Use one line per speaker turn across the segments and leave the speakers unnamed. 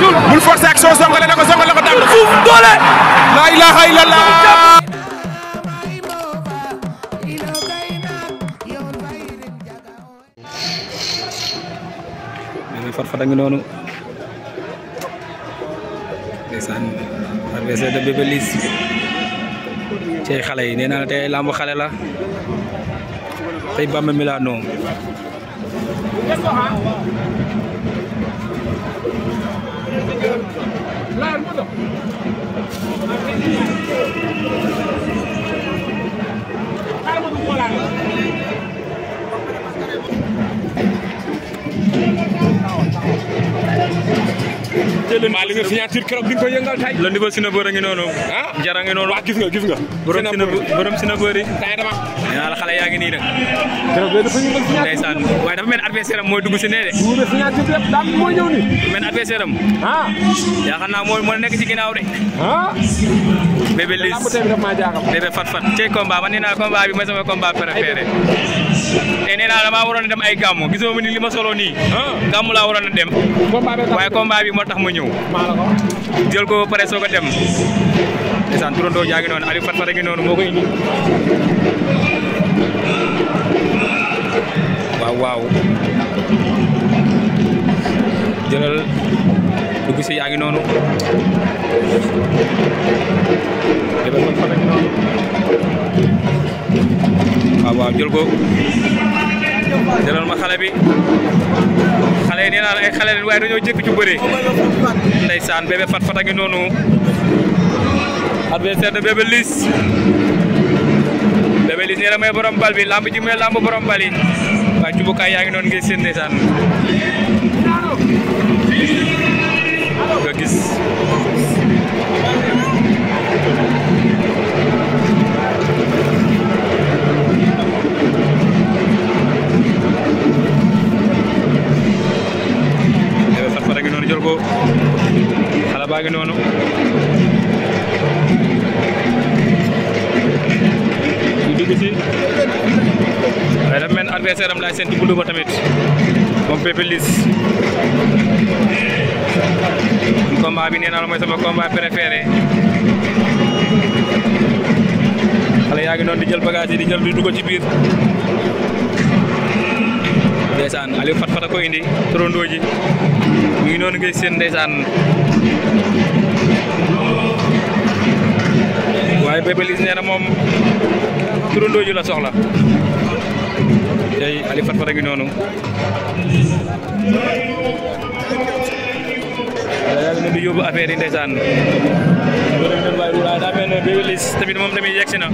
Oh, bul forcer ak soo songale na ko songale na ko daan na fuuf doole. la ilaha illallah. fat fat ngi noonu ndeysaan adversaire de Bébé Liss xale yi nee naa lamb xale la tey Bamba Milano Thank maa li nga signature keroog bi nga ba sina ngi noonu ah noonu waa gis nga gis nga borom sina borom yaa ngi nii nag keroog bi dafa ñu bëgg signature ndeysaan waaye dafa mooy dugg si nee de ñu signature bi yëpp daan moo ñëw ni mel adversaire am ah. nekk ci ginnaaw de ah bébé Liss fat fat tey combat man nee naa combat bi mooy sama combat préféré te nee naa damaa waroon dem ay gàmmu gisoo ni li ma solo nii. Ah, gàmmu laa waroon a dem. waaye combat bi moo tax ma ñëw. jël ko ba pare soo a dem. ndeysaan turandoo jaa ngi noonu Aliou Fat moo koy indi. waaw waaw. jëlal dugg si waaw jol ko jëlal ma xale bi xale yi nee naa la ay xale leen waaye dañoo jékki ci bëre ndeysaan bébé fat fat a ngi noonu adversaire de bébé lis bébé nee na may borom bal bi lamb ji may lamb borom bal waaye cubukaay yaa ngi noonu ngay seen ndeysaan nga gis waaye dafa mel ne adversaire am laay seen ci buntu moom Pépé Liss combat bi nee mooy sama combat préféré xale yaa ngi noonu di jël bagage yi di jël di dugg ci biir ndeysaan Aliou Fat Fat a ko indi torondoo ngi noonu ngay seen ndeysaan waaye Pépé Liss nee moom turandoo la soxla tey Ali Fat a ngi noonu daal tamit moom tamit yegsi na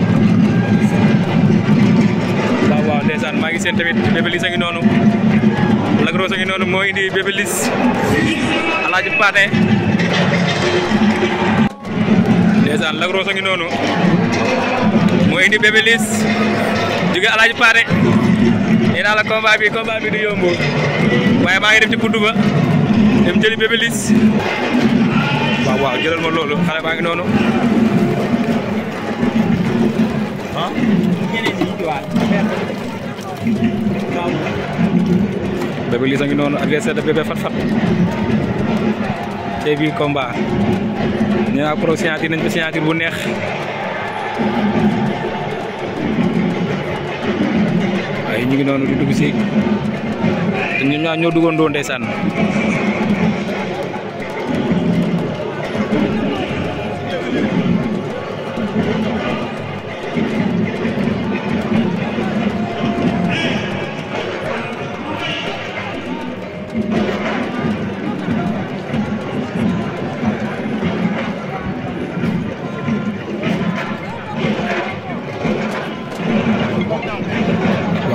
a ngi noonu Lac Rose a ngi noonu moo indi Bébé Liss Alaaji Paate ndeysaan Lac a ngi noonu mooy indi Bébé jóge Alaaji Paate nee naa la combat bi combat bi du yomb waaye maa ngi dem ci buntu ba dem jëli Bébé Liss waaw jëlal ma loolu xale baa ngi noonu ah. Bébé noonu adversaire de Bébé Fat Fat bii combat ñu naan pro signature nañ ko signature bu neex. ñu ngi noonu di dugg si ñun ñaa ñoo duggoon doon ndeysaan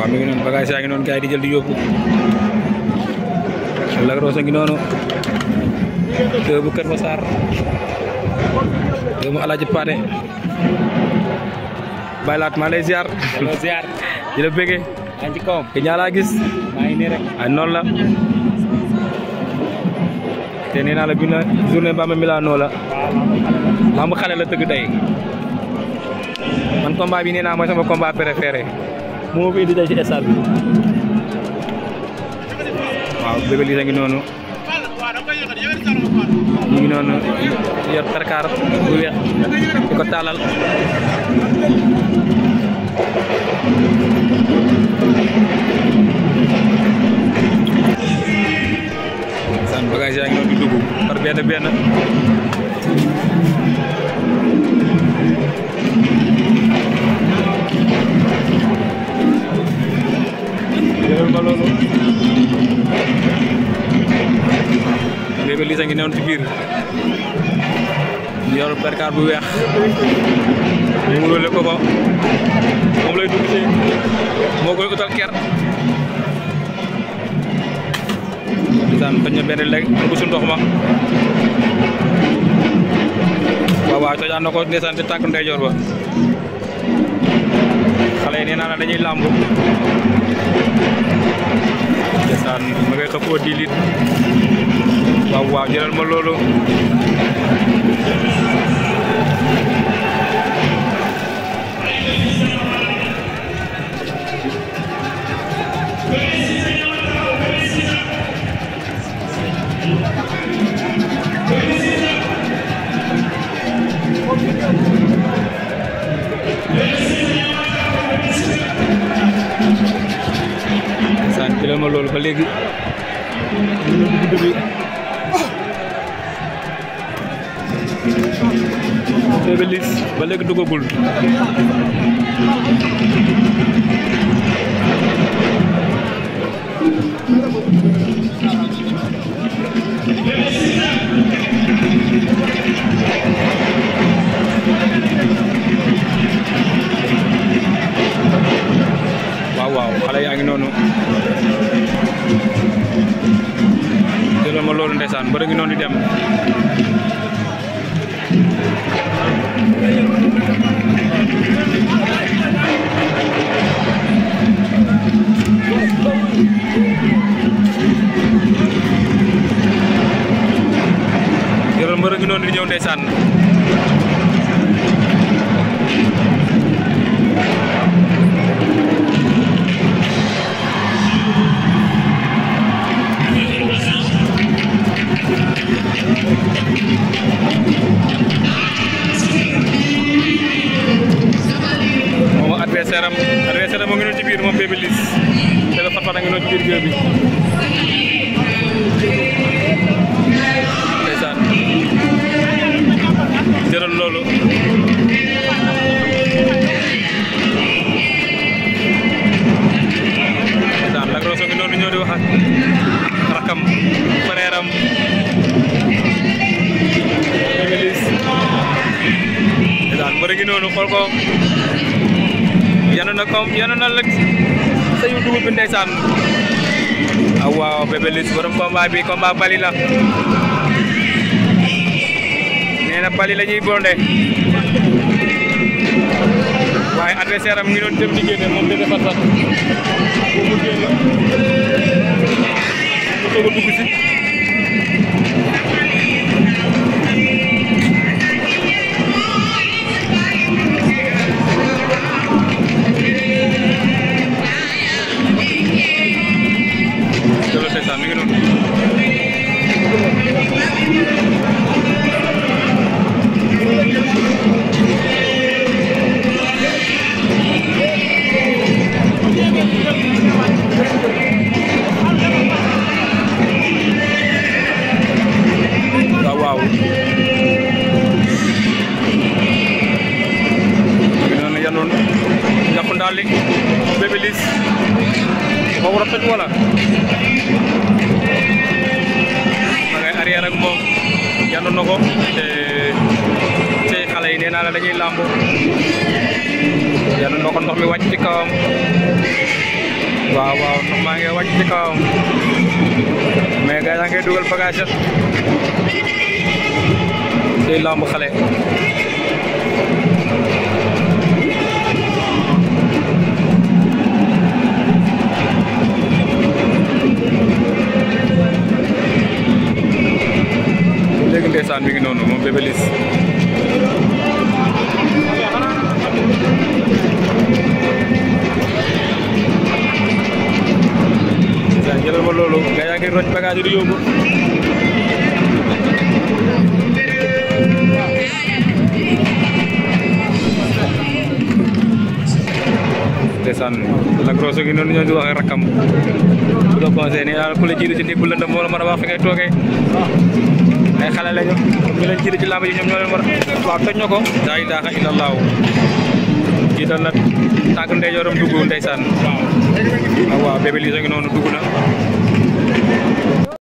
mi ngi noonu bagage yaa di jël di yóbbu Lac Rose a ngi noonu doomu Kër Massar doomu Alaaji Paate baylaat maa lay ziar ziar di la bëggee maa ngi ci kawam te ñaa laa gis maa ay noonu la te nee la bi na journée Bamba Milano la lamb xale la tëgg tey man combat bi nee naa mooy sama combat préféré moo fi indi ci stade bi. waaw Bébé Liss a ngi noonu ñu ngi noonu yor karkaar bu ko taalal. saan bagage yaa ngi noonu di dugg par benn nga loolu bébé Lissa ngi newoon ci biir yor berkaar bu weex mu wóole ko ko moom lay dugg ci moo koy utal ker lisaan benn léeg dugg ci ndox ma waaw waaw na ko ndeysaan ci tànk ndeyjoor ba xale yi nee naa na dañuy làmb ndeysaan ma ngay xëppoo di ma loolu jëlal ma loolu ba léegi Bébé Liss ba léegi duggagul loolu daan Lac Rose noonu ñoo di wax rakam frère am Émilis daan mbër noonu xool ko yanu na comme yanu na la sayu dugub bi ndeysaan waaw Bébé Liss borom combat bi combat bali la nee na bali la waaye adversaire am ngi doon jëm di génne moom Bébé Fat Fat dugg si Onda Lick Bébé Liss moom rafet wala ma ngay arrière moom yàndoon na ko te xale yi nee naa la dañuy làmb yàndoon na ko ndox mi wàcc ci kawam waaw waaw ndox maa ci kawam mais gars yaa ngay dugal bagage tey làmb xale léegi ndeysaan mi ngi noonu moom Bébé Liss ndeysaan jëlal ma loolu nga yaa ngi roj bagage di yóbbu ndeysaan Lac Rose gi noonu ñoo di waxee rakkam bu la conseillé ni ku la jiitu ci lëndëm moo la a wax fi ngay toogee ay xale lañu ñu leen jiitu ci làmb ñoom ñoo leen a waaw toj na ko daa ilaaha illallaahu kii doon na tànk ndeyjooram dugg ndeysaan waaw waaw bébé ngi noonu dugg na